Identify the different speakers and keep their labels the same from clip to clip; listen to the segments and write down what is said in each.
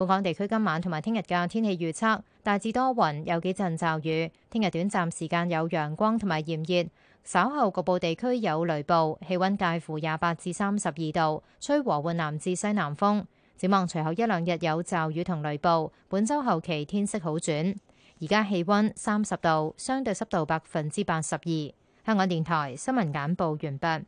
Speaker 1: 本港地區今晚同埋聽日嘅天氣預測，大致多雲，有幾陣驟雨。聽日短暫時間有陽光同埋炎熱，稍後局部地區有雷暴。氣溫介乎廿八至三十二度，吹和緩南至西南風。展望隨後一兩日有驟雨同雷暴。本周後期天色好轉。而家氣溫三十度，相對濕度百分之八十二。香港電台新聞簡報完畢。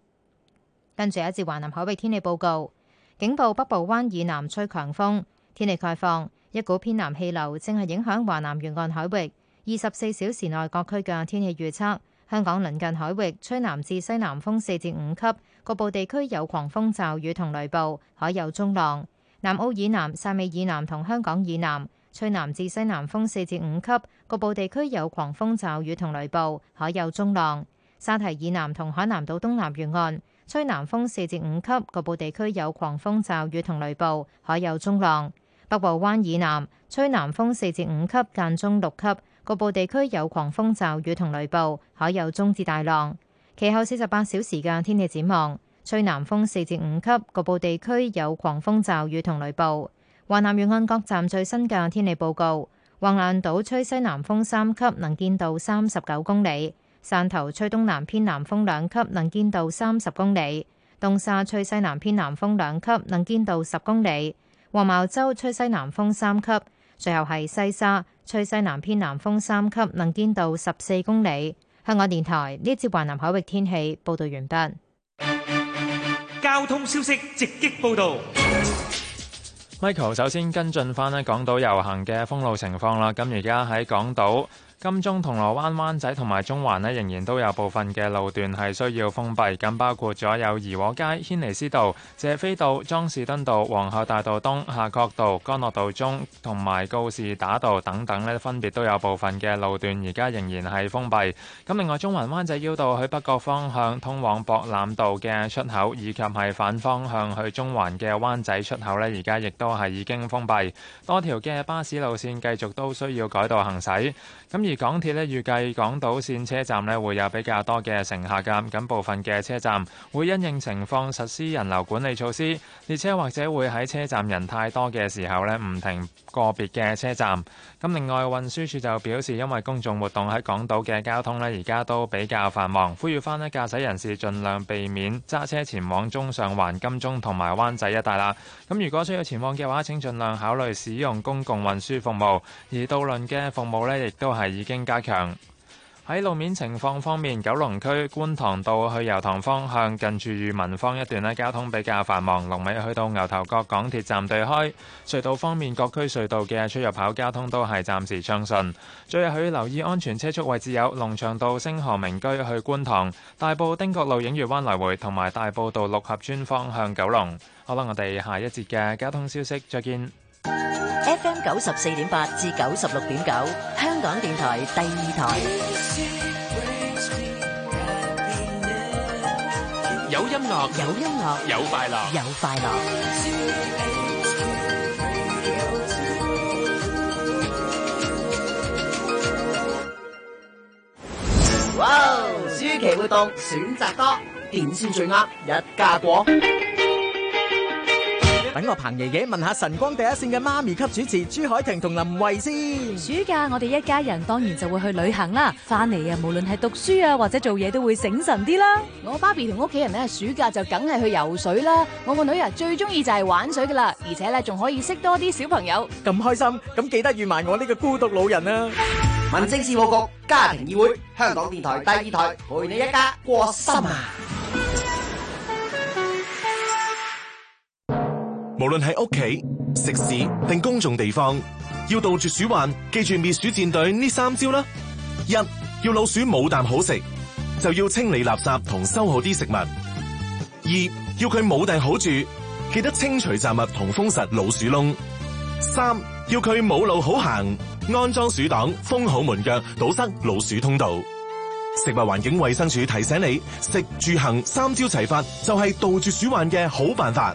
Speaker 1: 跟住一節華南海域天氣報告，警報，北部灣以南吹強風。天氣概況，一股偏南氣流正係影響華南沿岸海域。二十四小時內各區嘅天氣預測：香港鄰近海域吹南至西南風四至五級，各部地區有狂風驟雨同雷暴，海有中浪。南澳以南、汕尾以南同香港以南吹南至西南風四至五級，各部地區有狂風驟雨同雷暴，海有中浪。沙堤以南同海南島東南沿岸吹南風四至五級，各部地區有狂風驟雨同雷暴，海有中浪。北部灣以南吹南風四至五級，間中六級，局部地區有狂風驟雨同雷暴，海有中至大浪。其後四十八小時嘅天氣展望：吹南風四至五級，局部地區有狂風驟雨同雷暴。華南沿岸各站最新嘅天氣報告：橫瀾島吹西南風三級，能見度三十九公里；汕頭吹東南偏南風兩級，能見度三十公里；東沙吹西南偏南風兩級，能見度十公里。黃茅洲吹西南風三級，最後係西沙吹西南偏南風三級，能見度十四公里。香港電台呢節華南海域天氣報道完畢。
Speaker 2: 交通消息直擊報道。Michael 首先跟進翻呢港島遊行嘅封路情況啦，咁而家喺港島。金鐘、銅鑼灣、灣仔同埋中環呢，仍然都有部分嘅路段係需要封閉，咁包括咗有怡和街、軒尼詩道、謝斐道、莊士敦道、皇后大道東、夏愨道、干諾道中同埋告士打道等等呢，分別都有部分嘅路段而家仍然係封閉。咁另外，中環灣仔繞道去北角方向通往博覽道嘅出口，以及係反方向去中環嘅灣仔出口呢，而家亦都係已經封閉。多條嘅巴士路線繼續都需要改道行駛。咁而港鐵咧預計港島線車站咧會有比較多嘅乘客嘅，咁部分嘅車站會因應情況實施人流管理措施，列車或者會喺車站人太多嘅時候咧唔停個別嘅車站。咁另外運輸署就表示，因為公眾活動喺港島嘅交通咧而家都比較繁忙，呼籲翻咧駕駛人士儘量避免揸車前往中上環、金鐘同埋灣仔一帶啦。咁如果需要前往嘅話，請儘量考慮使用公共運輸服務，而渡輪嘅服務咧亦都係。係已經加強。喺路面情況方面，九龍區觀塘道去油塘方向近住裕民坊一段咧，交通比較繁忙，龍尾去到牛頭角港鐵站對開。隧道方面，各區隧道嘅出入口交通都係暫時暢順。最後，要留意安全車速位置有龍翔道星河名居去觀塘、大埔汀角路映月灣來回同埋大埔道六合村方向九龍。好啦，我哋下一節嘅交通消息再見。
Speaker 3: FM 九十四點八至九十六點九，9, 香港電台第二台。有音樂，有
Speaker 2: 音樂，有快樂，有快樂。
Speaker 3: 哇！暑期、wow, 活動選擇多，點先最呃？一家過。等我彭爺爺問下《晨光第一綫》嘅媽咪級主持朱海婷同林慧先。暑假我哋一家人當然就會去旅行啦，翻嚟啊，無論係讀書啊或者做嘢都會醒神啲啦。我爸 B 同屋企人咧，暑假就梗係去游水啦。我個女啊最中意就係玩水噶啦，而且咧仲可以識多啲小朋友。
Speaker 4: 咁開心，咁記得預埋我呢個孤獨老人啊！民政事務局家庭議會，
Speaker 5: 香港電台第二台，陪你一家過心啊！無論喺屋企、食肆定公眾地方，要杜絕鼠患，記住滅鼠戰隊呢三招啦：一要老鼠冇啖好食，就要清理垃圾同收好啲食物；二要佢冇定好住，記得清除雜物同封實老鼠窿；三要佢冇路好行，安裝鼠擋，封好門腳，堵塞老鼠通道。食物環境衛生署提醒你，食住行三招齊發，就係杜絕鼠患嘅好辦法。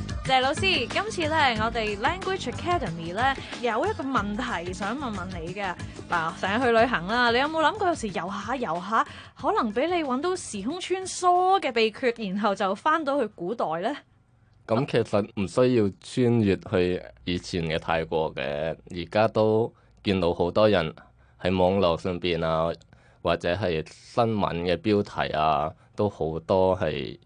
Speaker 3: 謝老師，今次咧我哋 Language Academy 咧有一個問題想問問你嘅，嗱成日去旅行啦，你有冇諗過有時遊下遊下，可能俾你揾到時空穿梭嘅秘訣，然後就翻到去古代呢？
Speaker 6: 咁、嗯、其實唔需要穿越去以前嘅泰國嘅，而家都見到好多人喺網絡上邊啊，或者係新聞嘅標題啊，都好多係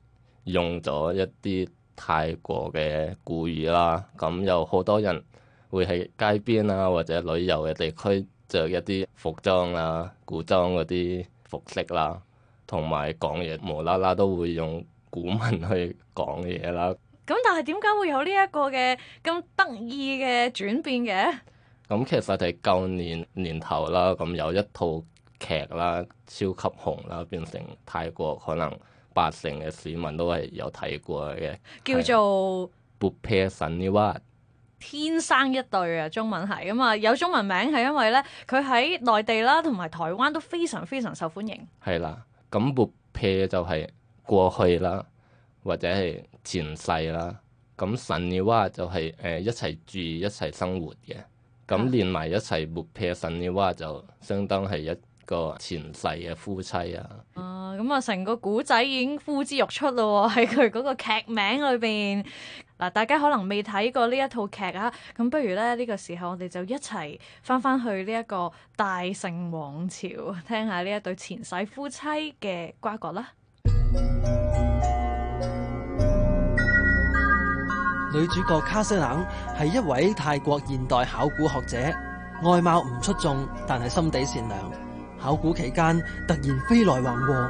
Speaker 6: 用咗一啲。泰國嘅古語啦，咁有好多人會喺街邊啊或者旅遊嘅地區着一啲服裝啦、古裝嗰啲服飾啦，同埋講嘢無啦啦都會用古文去講嘢啦。
Speaker 3: 咁但係點解會有，有呢一個嘅咁得意嘅轉變嘅？
Speaker 6: 咁其實就係舊年年頭啦，咁有一套劇啦超級紅啦，變成泰國可能。八成嘅市民都係有睇過嘅，叫
Speaker 3: 做是
Speaker 6: 《Buppesanniwat》
Speaker 3: 天生一對啊，中文係啊嘛，有中文名係因為咧佢喺內地啦同埋台灣都非常非常受歡迎。
Speaker 6: 係啦，咁 Buppe 就係過去啦，或者係前世啦。咁 Sanniwat 就係、是、誒、呃、一齊住一齊生活嘅，咁連埋一齊 Buppesanniwat 就相當係一個前世嘅夫妻啊，啊
Speaker 3: 咁啊，成個古仔已經呼之欲出咯喎！喺佢嗰個劇名裏邊，嗱，大家可能未睇過呢一套劇啊，咁不如咧呢、呢個時候我哋就一齊翻翻去呢一個大城王朝，聽下呢一對前世夫妻嘅瓜葛啦。
Speaker 5: 女主角卡西冷係一位泰國現代考古學者，外貌唔出眾，但係心地善良。考古期間突然飛來橫禍，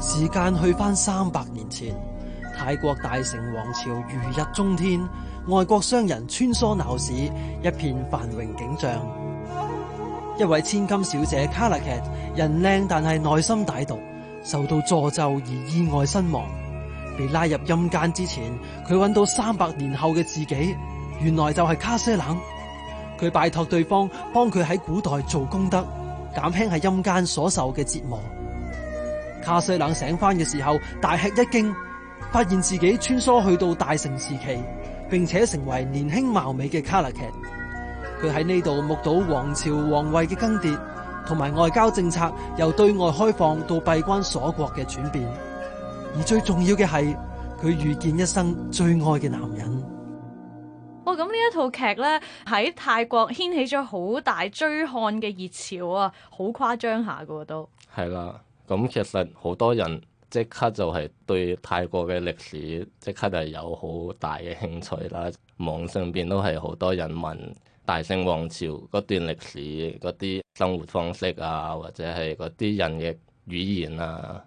Speaker 5: 時間去返三百年前，泰國大城王朝如日中天，外國商人穿梭鬧市，一片繁榮景象。一位千金小姐卡拉特，人靚但係內心歹毒，受到詛咒而意外身亡，被拉入陰間之前，佢揾到三百年後嘅自己，原來就係卡西冷。佢拜託對方幫佢喺古代做功德，減輕喺陰間所受嘅折磨。卡西冷醒翻嘅時候，大吃一驚，發現自己穿梭去到大城時期，並且成為年輕貌美嘅卡拉克。佢喺呢度目睹王朝皇位嘅更迭，同埋外交政策由對外開放到閉關鎖國嘅轉變。而最重要嘅係，佢遇見一生最愛嘅男人。
Speaker 3: 咁呢、哦、一套劇咧喺泰國掀起咗好大追看嘅熱潮啊，好誇張下噶都
Speaker 6: 係啦。咁其實好多人即刻就係對泰國嘅歷史即刻就係有好大嘅興趣啦。網上邊都係好多人問大城王朝嗰段歷史嗰啲生活方式啊，或者係嗰啲人嘅語言啊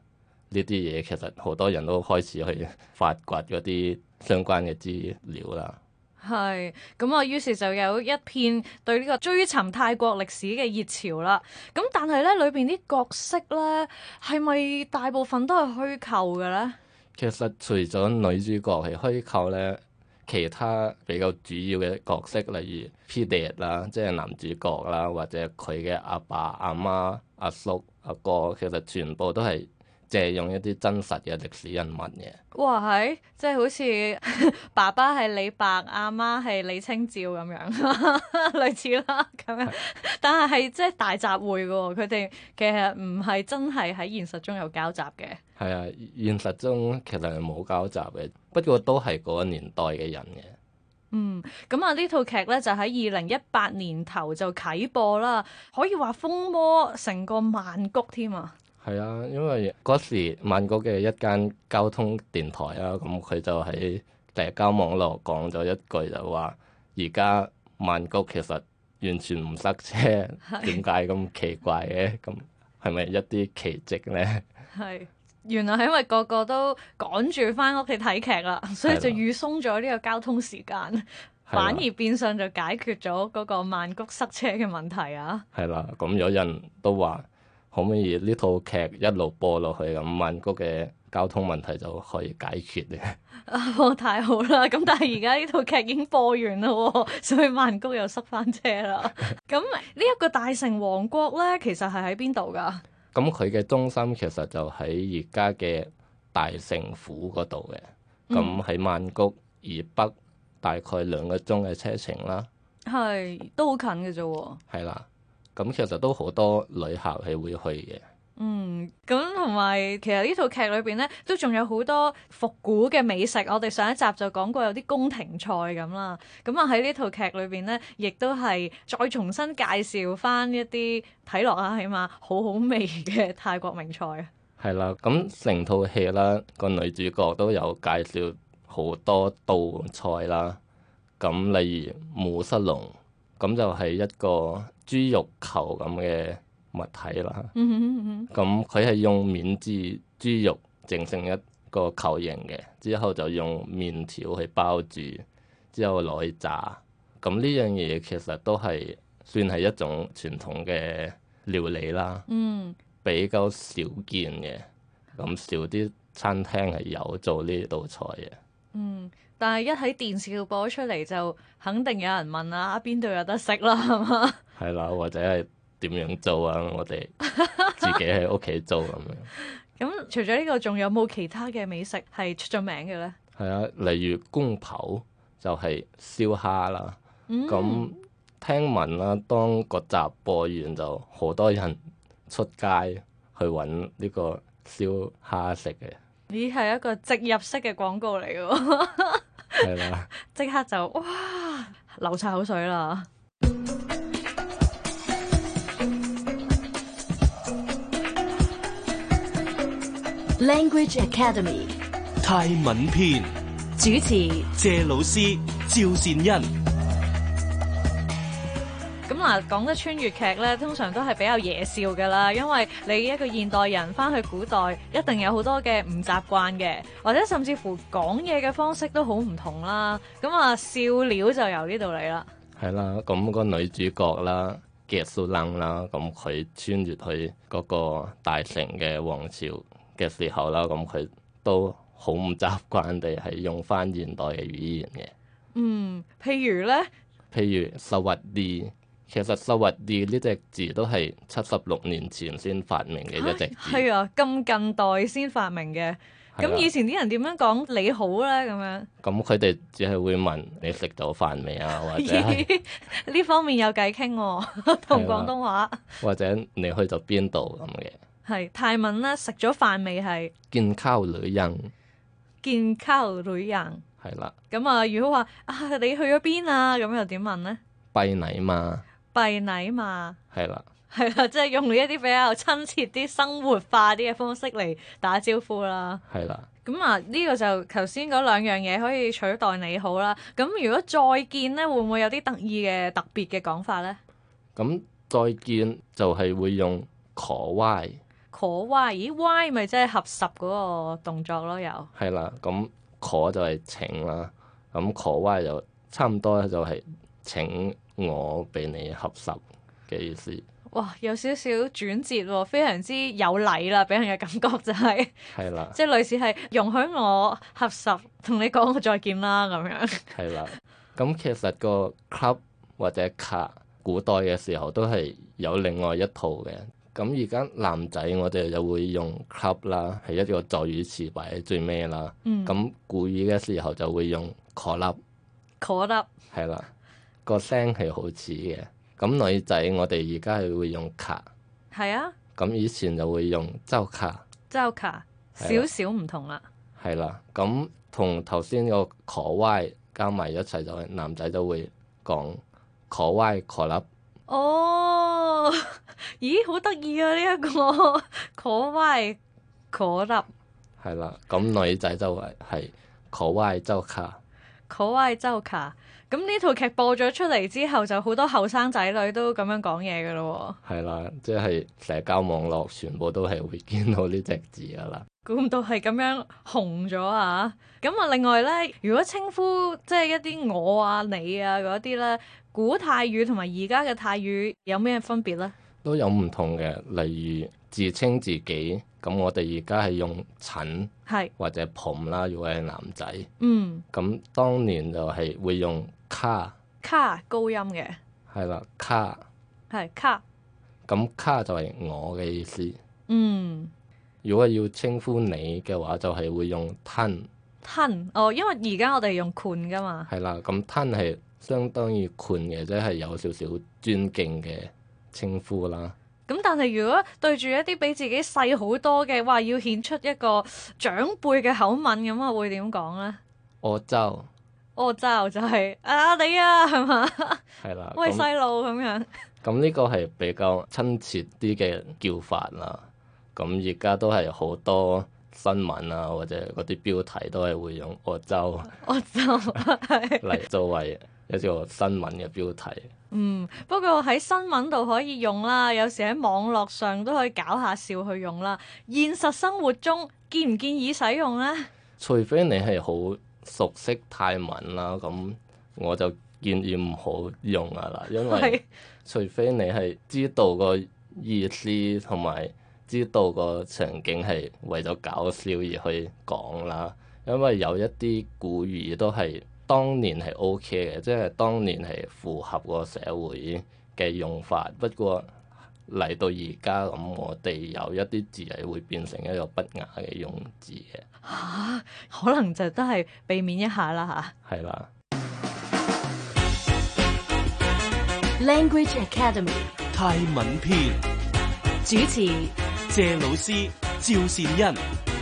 Speaker 6: 呢啲嘢，其實好多人都開始去發掘嗰啲相關嘅資料啦。
Speaker 3: 係咁啊！於是就有一片對呢個追尋泰國歷史嘅熱潮啦。咁但係咧，裏邊啲角色咧係咪大部分都係虛構嘅咧？
Speaker 6: 其實除咗女主角係虛構咧，其他比較主要嘅角色，例如 Pete 啦，即係男主角啦，或者佢嘅阿爸、阿媽、阿叔、阿哥，其實全部都係。借用一啲真實嘅歷史人物嘅，
Speaker 3: 哇！係即係好似 爸爸係李白，阿媽係李清照咁樣， 類似啦咁樣。但係係即係大集會嘅，佢哋其實唔係真係喺現實中有交集嘅。
Speaker 6: 係啊，現實中其實係冇交集嘅，不過都係嗰年代嘅人嘅。嗯，
Speaker 3: 咁啊，呢套劇咧就喺二零一八年頭就啟播啦，可以話風魔成個曼谷添啊！
Speaker 6: 係啊，因為嗰時曼谷嘅一間交通電台啊，咁、嗯、佢就喺社交網絡講咗一句就話：而家曼谷其實完全唔塞車，點解咁奇怪嘅？咁係咪一啲奇蹟呢？
Speaker 3: 係、嗯、原來係因為個個都趕住返屋企睇劇啦，所以就預鬆咗呢個交通時間，
Speaker 6: 啊、反而
Speaker 3: 變相就解決咗嗰個曼谷塞車嘅問題啊！
Speaker 6: 係啦、啊，咁有人都話。嗯可唔可以呢套劇一路播落去咁，曼谷嘅交通問題就可以解決咧？
Speaker 3: 啊，太好啦！咁但係而家呢套劇已經播完啦， 所以曼谷又塞翻車啦。咁呢一個大城王國咧，其實係喺邊度噶？
Speaker 6: 咁佢嘅中心其實就喺而家嘅大城府嗰度嘅。咁喺曼谷以北大概兩個鐘嘅車程啦。
Speaker 3: 係，嗯，都好近嘅啫。
Speaker 6: 係啦。咁其實都好多旅客係會去嘅。
Speaker 3: 嗯，咁同埋其實呢套劇裏邊呢，都仲有好多復古嘅美食。我哋上一集就講過有啲宮廷菜咁啦。咁啊喺呢套劇裏邊呢，亦都係再重新介紹翻一啲睇落啊，起碼好好味嘅泰國名菜。
Speaker 6: 係啦，咁成套戲啦，個女主角都有介紹好多道菜啦。咁例如慕色龍。咁就係一個豬肉球咁嘅物體啦。咁佢係用免治豬肉整成一個球形嘅，之後就用麵條去包住，之後攞去炸。咁呢樣嘢其實都係算係一種傳統嘅料理啦。Mm
Speaker 3: hmm.
Speaker 6: 比較少見嘅，咁少啲餐廳係有做呢道菜嘅。
Speaker 3: Mm hmm. 但係一喺電視度播出嚟就肯定有人問啊，邊度有得食啦，係嘛？
Speaker 6: 係啦，或者係點樣做啊？我哋自己喺屋企做咁樣。
Speaker 3: 咁 除咗呢、這個，仲有冇其他嘅美食係出咗名嘅咧？
Speaker 6: 係啊，例如公泡就係、是、燒蝦啦。咁、嗯、聽聞啦，當個集播完就好多人出街去揾呢個燒蝦食嘅。
Speaker 3: 呢係一個植入式嘅廣告嚟嘅。 係啦，即 刻就哇流晒口水啦！Language Academy
Speaker 5: 泰文篇，主持謝老師趙善恩。
Speaker 3: 講啲穿越劇咧，通常都係比較惹笑噶啦，因為你一個現代人翻去古代，一定有好多嘅唔習慣嘅，或者甚至乎講嘢嘅方式都好唔同啦。咁啊，笑料就由呢度嚟啦。
Speaker 6: 係啦，咁個女主角啦，get so long 啦，咁佢穿越去嗰個大城嘅王朝嘅時候啦，咁佢都好唔習慣地係用翻現代嘅語言嘅。嗯，
Speaker 3: 譬如咧，
Speaker 6: 譬如沙瓦地。其實收或啲呢隻字都係七十六年前先發明嘅一隻字，
Speaker 3: 係啊咁、啊、近代先發明嘅。咁、啊、以前啲人點樣講你好咧？咁樣
Speaker 6: 咁佢哋只係會問你食到飯未啊？或者
Speaker 3: 呢 方面有偈傾喎，同、啊、廣東話
Speaker 6: 或者你去咗邊度咁嘅？
Speaker 3: 係泰文啦。食咗飯未係
Speaker 6: 見靠女人，
Speaker 3: 見靠女人係啦。咁啊，啊，如果話啊你去咗邊啊？咁又點問咧？
Speaker 6: 拜你嘛～
Speaker 3: 拜禮嘛，係啦的，係啦，即係用一啲比較親切啲、生活化啲嘅方式嚟打招呼啦。係啦的，咁啊呢、這個就頭先嗰兩樣嘢可以取代你好啦。咁如果再見咧，會唔會有啲得意嘅特別嘅講法咧？
Speaker 6: 咁、嗯、再見就係會用可 Why？
Speaker 3: 可 Why？咦 Why？咪即係合十嗰個動作咯？又
Speaker 6: 係啦，咁、嗯、可就係請啦，咁、嗯、可 Why 就差唔多就係請。我俾你合十嘅意思。
Speaker 3: 哇，有少少轉折、啊，非常之有禮啦，俾人嘅感覺就係、係。
Speaker 6: 係啦。即係
Speaker 3: 類似係容許我合十，同你講我再見啦咁樣。
Speaker 6: 係啦。 咁其實個 club 或者卡，古代嘅時候都係有另外一套嘅。咁而家男仔我哋又會用 club 啦，係一個助語詞，擺喺最尾啦。嗯。咁古語嘅時候就會用 call up、
Speaker 3: 嗯。call up。
Speaker 6: 係啦。.個聲係好似嘅。咁女仔我哋而家係會用卡，係啊，咁以前就會用周卡，
Speaker 3: 周卡、啊，少少唔同啦，
Speaker 6: 係啦、啊，咁同頭先個可歪加埋一齊就係男仔就會講可歪可立，
Speaker 3: 哦，咦，好得意啊呢一，個可歪可立，
Speaker 6: 係啦、啊，咁女仔就係係可歪周卡，
Speaker 3: 可歪周卡。咁呢套劇播咗出嚟之後，就好多後生仔女都咁樣講嘢㗎咯。
Speaker 6: 係啦，即係社交網絡全部都係會見到呢隻字㗎啦。
Speaker 3: 估唔到係咁樣紅咗啊！咁啊，另外咧，如果稱呼即係一啲我啊、你啊嗰啲咧，古泰語同埋而家嘅泰語有咩分別咧？
Speaker 6: 都有唔同嘅，例如。自稱自己咁，我哋而家係用陳，或者捧啦。如果係男仔，咁、嗯、當年就係會用卡
Speaker 3: 卡高音嘅，
Speaker 6: 係啦，卡係卡。咁卡就係我嘅意思。嗯，如果要稱呼你嘅話，就係會用吞
Speaker 3: 吞、嗯、哦。因為而家我哋用冠噶嘛，
Speaker 6: 係啦。咁吞係相當於冠嘅，即係有少少尊敬嘅稱呼啦。
Speaker 3: 咁但係如果對住一啲比自己細好多嘅話，要顯出一個長輩嘅口吻，咁啊會點講咧？
Speaker 6: 澳洲，
Speaker 3: 澳洲就係、是、啊你啊，係嘛？
Speaker 6: 係啦，喂細
Speaker 3: 路咁樣。咁呢、嗯
Speaker 6: 嗯呢個係比較親切啲嘅叫法啦。咁而家都係好多新聞啊，或者嗰啲標題都係會用澳洲，澳洲嚟 作為。有條新聞嘅標題，
Speaker 3: 嗯，不過喺新聞度可以用啦。有時喺網絡上都可以搞下笑去用啦。現實生活中建唔建議使用呢？
Speaker 6: 除非你係好熟悉泰文啦，咁我就建議唔好用啊啦，因為除非你係知道個意思同埋知道個場景係為咗搞笑而去講啦，因為有一啲古語都係。當年係 OK 嘅，即係當年係符合個社會嘅用法。不過嚟到而家咁，我哋有一啲字係會變成一個不雅嘅用字嘅。嚇、
Speaker 3: 啊，可能就都係避免一下啦吓，係、啊、啦。是的 Language Academy
Speaker 5: 泰文篇主持：謝老師趙善恩。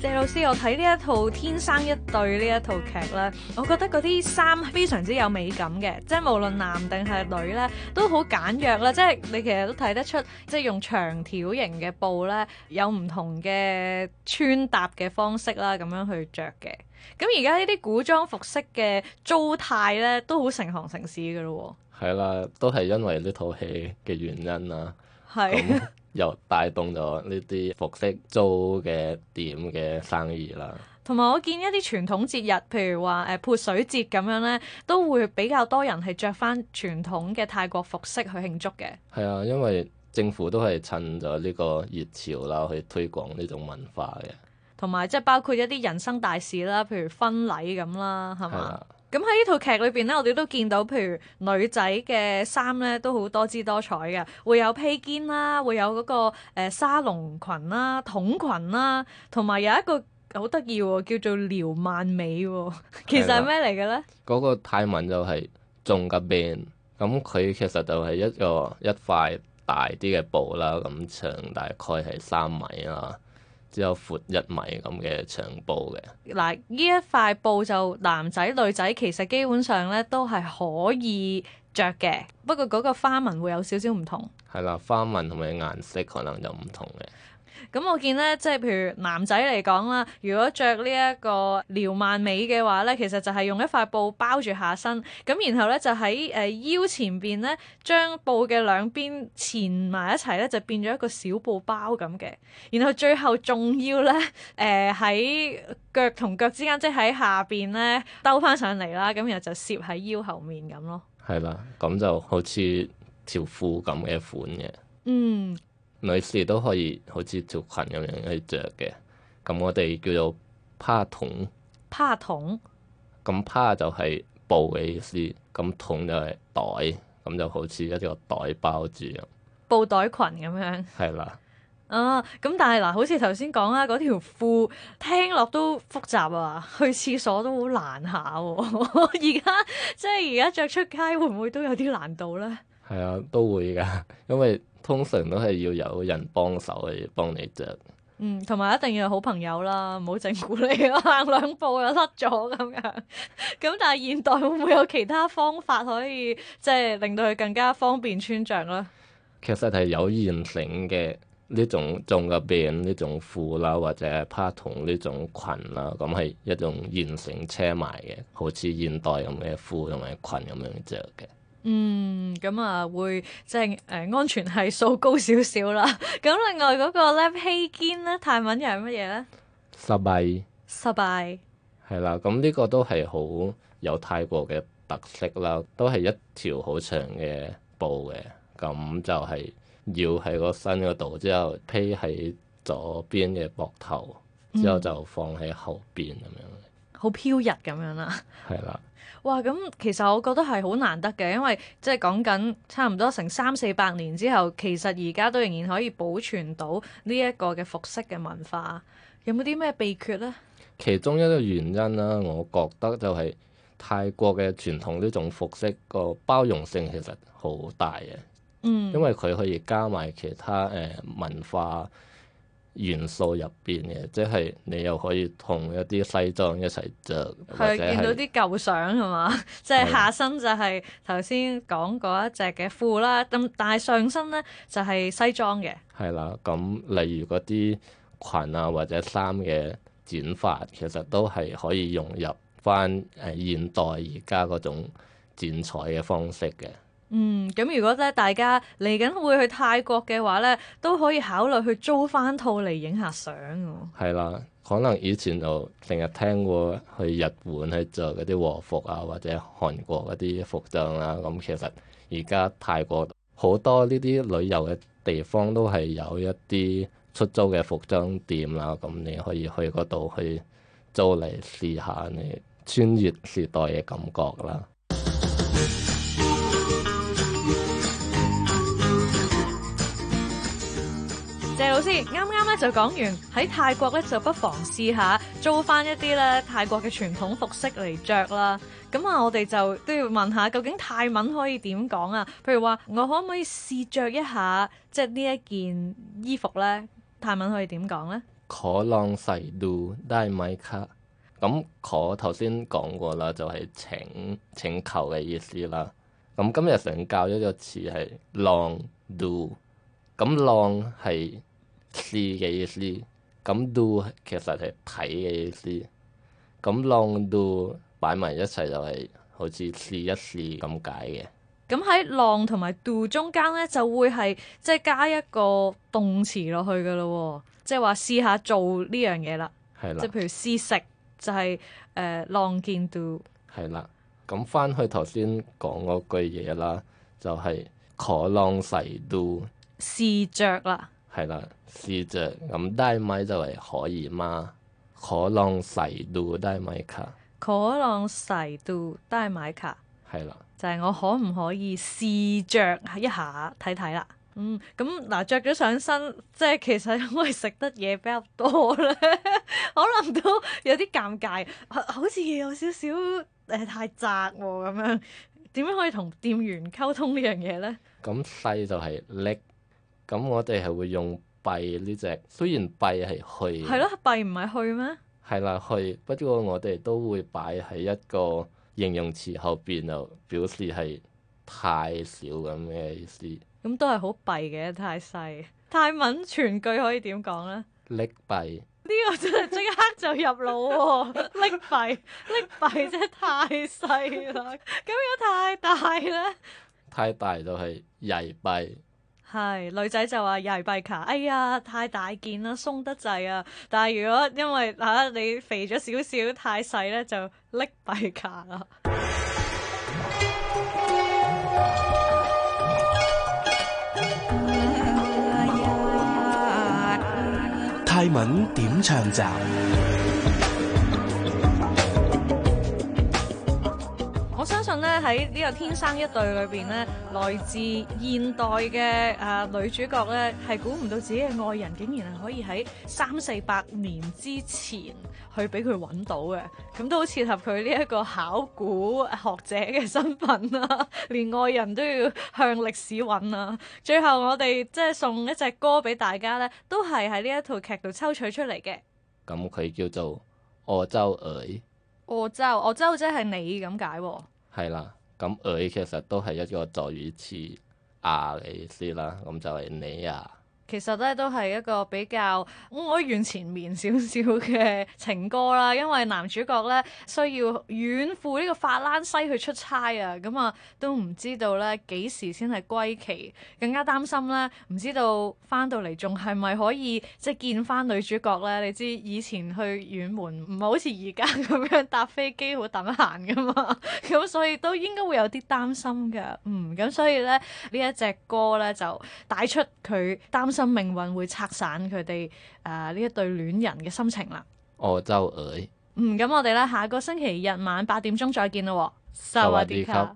Speaker 3: 謝老師，我睇呢一套《天生一對》呢一套劇咧，我覺得嗰啲衫非常之有美感嘅，即係無論男定係女呢，都好簡約啦。即係你其實都睇得出，即係用長條形嘅布呢，有唔同嘅穿搭嘅方式啦，咁樣去着嘅。咁而家呢啲古裝服飾嘅租態呢，都好成行成市噶咯。
Speaker 6: 係啦，都係因為呢套戲嘅原因啦。
Speaker 3: 係的。那
Speaker 6: 又帶動咗呢啲服飾租嘅店嘅生意啦。
Speaker 3: 同埋我見一啲傳統節日，譬如話誒、呃、潑水節咁樣咧，都會比較多人係着翻傳統嘅泰國服飾去慶祝嘅。
Speaker 6: 係啊，因為政府都係趁咗呢個熱潮啦，去推廣呢種文化嘅。
Speaker 3: 同埋即係包括一啲人生大事啦，譬如婚禮咁啦，係嘛？咁喺呢套劇裏邊咧，我哋都見到，譬如女仔嘅衫咧都好多姿多彩嘅，會有披肩啦，會有嗰、那個、呃、沙龍裙啦、筒裙啦，同埋有一個好得意喎，叫做撩曼美喎，哦，其實係咩嚟嘅咧？
Speaker 6: 嗰、那個泰文就係中格邊，咁佢其實就係一個一塊大啲嘅布啦，咁長大概係三米啦、啊。只有闊一米咁嘅長布嘅。
Speaker 3: 嗱，呢一塊布就男仔女仔其實基本上咧都係可以着嘅，不過嗰個花紋會有少少唔同。
Speaker 6: 係 啦，花紋同埋顏色可能就唔同嘅。
Speaker 3: 咁我見咧，即係譬如男仔嚟講啦，如果着呢一個撩曼尾嘅話咧，其實就係用一塊布包住下身，咁然後咧就喺誒、呃、腰前邊咧，將布嘅兩邊纏埋一齊咧，就變咗一個小布包咁嘅。然後最後仲要咧，誒、呃、喺腳同腳之間，即喺下邊咧，兜翻上嚟啦，咁然後就攝喺腰後面咁咯。
Speaker 6: 係啦，咁就好似條褲咁嘅款嘅。嗯。女士都可以好似條裙咁樣去着嘅，咁我哋叫做帕筒。
Speaker 3: 帕筒，
Speaker 6: 咁帕就係布嘅意思，咁筒就係袋，咁就好似一個袋包住。
Speaker 3: 布袋裙咁樣。係啦，啊，咁但係嗱，好似頭先講啦，嗰條褲聽落都複雜啊，去廁所都好難下、啊。而家即係而家着出街會唔會都有啲難度咧？
Speaker 6: 係啊，都會噶，因為通常都係要有人幫手嚟，幫你着。嗯，
Speaker 3: 同埋一定要有好朋友啦，唔好整蠱你，行兩步又甩咗咁樣。咁但係現代會唔會有其他方法可以，即係令到佢更加方便穿着咧？
Speaker 6: 其實係有現成嘅呢種種嘅辮呢種褲啦，或者係 part 同呢種裙啦，咁係一種現成車埋嘅，好似現代咁嘅褲同埋裙咁樣着嘅。
Speaker 3: 嗯，咁、嗯、啊會即係誒、呃、安全係數高少少啦。咁、 嗯、另外嗰個咧披肩，咧泰文又係乜嘢咧？
Speaker 6: 失敗倍，
Speaker 3: 失敗
Speaker 6: 係啦。咁呢、嗯，這個都係好有泰國嘅特色啦，都係一條好長嘅布嘅。咁就係繞喺個身嗰度之後，披喺左邊嘅膊頭，
Speaker 3: 之後就
Speaker 6: 放喺後邊咁、嗯、樣。
Speaker 3: 好飄逸咁樣啦、啊。係啦。哇！咁其實我覺得係好難得嘅，因為即係講緊差唔多成三四百年之後，其實而家都仍然可以保存到呢一個嘅服飾嘅文化。有冇啲咩秘訣呢？
Speaker 6: 其中一個原因啦，我覺得就係泰國嘅傳統呢種服飾個包容性其實好大嘅。嗯，因為佢可以加埋其他誒文化元素入邊嘅，即係你又可以同一啲西裝一齊着。係是見到啲
Speaker 3: 舊相係嘛？ 即係下身就係頭先講過一隻嘅褲啦，咁的但係上身呢，就係、是、西裝嘅。
Speaker 6: 係啦，咁例如嗰啲裙啊或者衫嘅剪法，其實都係可以融入翻誒現代而家嗰種剪裁嘅方式嘅。
Speaker 3: 嗯，咁如果咧大家嚟緊會去泰國嘅話咧，都可以考慮去租翻套嚟影下相。
Speaker 6: 係啦，可能以前就成日聽過去日本去做嗰啲和服啊，或者韓國嗰啲服裝啦、啊。咁、嗯、其實而家泰國好多呢啲旅遊嘅地方都係有一啲出租嘅服裝店啦、啊。咁、嗯、你可以去嗰度去租嚟試下，你穿越時代嘅感覺啦。
Speaker 3: 啱啱咧就講完喺泰國咧，就不妨試下租翻一啲咧泰國嘅傳統服飾嚟着啦。咁啊，我哋就都要問下，究竟泰文可以點講啊？譬如話我可唔可以試着一下，即係呢一件衣服咧？泰文可以點講咧？
Speaker 6: 可 long si do，戴米卡咁可頭先講過啦，就係、是、請請求嘅意思啦。咁今日想教一個詞係 long do，咁 long 係。試嘅意思，咁 do 其實係睇嘅意思，咁 long do 擺埋一齊就係好似試一試咁解嘅。
Speaker 3: 咁喺 long 同埋 do 中間咧，就會係即係加一個動詞落去㗎咯，哦，即係話試下做呢樣嘢啦。係啦了，即係譬如試食就係誒 long 見 do
Speaker 6: 係啦。咁翻去頭先講嗰句嘢啦，就係、是、可、uh, long 誓 do，
Speaker 3: 就是、試着啦。
Speaker 6: 係啦，試着。咁得米就係可以嘛？可量細度得米卡？
Speaker 3: 可量細度得米卡？係 啦，就係我可唔可以試着一下睇睇啦？嗯，咁嗱，着、啊、咗上身，即係其實因為食得嘢比較多咧，可能都有啲尷尬，好似有少少誒太窄喎、哦、咁樣。點樣可以同店員溝通呢樣嘢咧？
Speaker 6: 咁細就係叻。咁我哋係會用弊呢隻，雖然弊係去，係
Speaker 3: 咯，弊唔係去咩？
Speaker 6: 係啦，去。不過我哋都會擺喺一個形容詞後邊，就表示係太少咁嘅意思。
Speaker 3: 咁都係好弊嘅，太細。泰文全句可以點講咧？叻弊呢個真係即刻就入腦喎！叻弊， 叻弊真係，太細啦。咁樣太大咧，
Speaker 6: 太大就係曳弊。
Speaker 3: 係，女仔就話曳弊卡，哎呀太大件啦，鬆得滯啊！但係如果因為嚇、啊、你肥咗少少，太細咧就拎弊卡
Speaker 5: 啦。泰文點唱集？
Speaker 3: 喺呢個天生一對裏邊呢，來自現代嘅誒、呃、女主角呢係估唔到自己嘅愛人竟然係可以喺三四百年之前去俾佢揾到嘅，咁都好契合佢呢一個考古學者嘅身份啦、啊。連愛人都要向歷史揾啊！最後我哋即係送一隻歌俾大家呢，都係喺呢一套劇度抽取出嚟嘅。
Speaker 6: 咁佢叫做澳洲誒、
Speaker 3: 澳洲、澳洲，即係你咁解
Speaker 6: 係啦。咁佢其實都係一個助語詞，阿你先啦，咁就係你啊。
Speaker 3: 其實咧都係一個比較哀怨纏綿少少嘅情歌啦，因為男主角咧需要遠赴呢個法蘭西去出差啊，咁、嗯、啊都唔知道咧幾時先係歸期，更加擔心咧唔知道翻到嚟仲係咪可以即係見翻女主角咧？你知以前去遠門唔係好似而家咁樣搭飛機好等閒噶嘛，咁、嗯、所以都應該會有啲擔心嘅，嗯，咁、嗯、所以咧呢一隻歌咧就帶出佢擔心。信命運會拆散佢哋誒呢一對戀人嘅心情啦。
Speaker 6: 澳洲，
Speaker 3: 嗯，咁我哋咧下個星期日晚八點鐘再見啦喎。收下啲卡。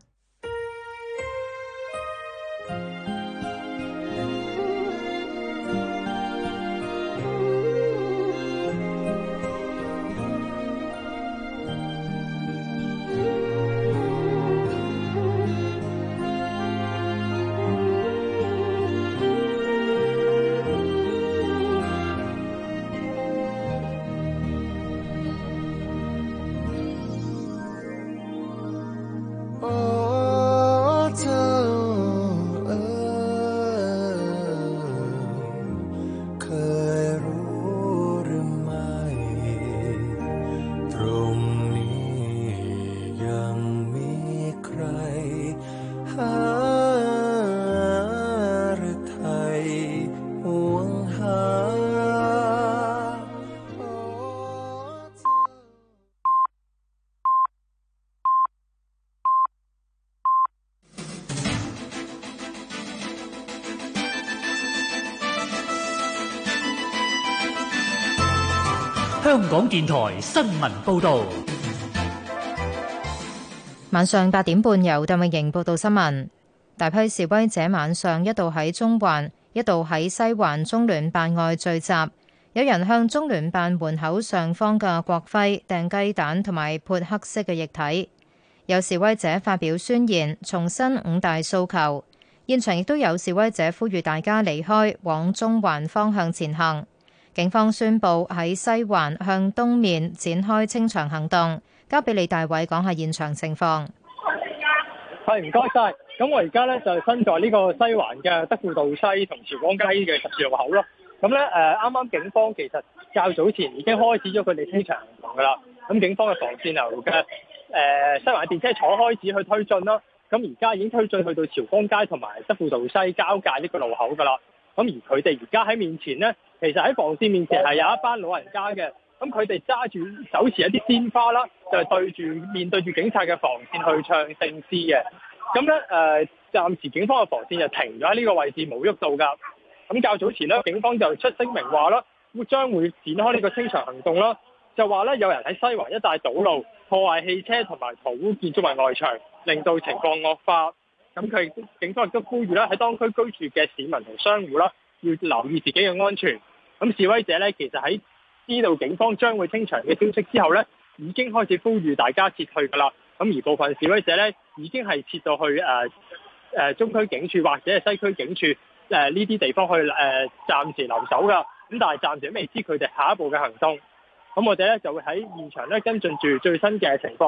Speaker 5: 港電台新聞報道，
Speaker 1: 晚上八點半由鄧永瑩報道新聞。大批示威者晚上一度喺中環，一度喺西環中聯辦外聚集，有人向中聯辦門口上方嘅國徽掟雞蛋同埋潑黑色嘅液體。有示威者發表宣言，重申五大訴求。現場亦都有示威者呼籲大家離開，往中環方向前行。警方宣布喺西環向東面展開清場行動，交俾李大偉講下現場情況。
Speaker 4: 係唔該晒。咁我而家咧就身在呢個西環嘅德輔道西同朝光街嘅十字路口咯。咁咧誒，啱啱警方其實較早前已經開始咗佢哋清場行動噶啦。咁警方嘅防線由嘅誒西環電車廠開始去推進咯。咁而家已經推進去到朝光街同埋德輔道西交界呢個路口噶啦。咁而佢哋而家喺面前咧。其實喺防線面前係有一班老人家嘅，咁佢哋揸住手持一啲鮮花啦，就係對住面對住警察嘅防線去唱聖詩嘅。咁咧誒，暫時警方嘅防線就停咗喺呢個位置，冇喐到㗎。咁較早前咧，警方就出聲明話啦，會將會展開呢個清場行動啦，就話咧有人喺西環一帶堵路、破壞汽車同埋塗污建築物外牆，令到情況惡化。咁佢警方亦都呼籲啦，喺當區居住嘅市民同商戶啦，要留意自己嘅安全。咁示威者咧，其實喺知道警方將會清場嘅消息之後咧，已經開始呼籲大家撤退㗎啦。咁而部分示威者咧，已經係撤到去誒誒、呃呃、中區警署或者係西區警署誒呢啲地方去誒、呃、暫時留守㗎。咁但係暫時未知佢哋下一步嘅行動。咁我哋咧就會喺現場咧跟進住最新嘅情況。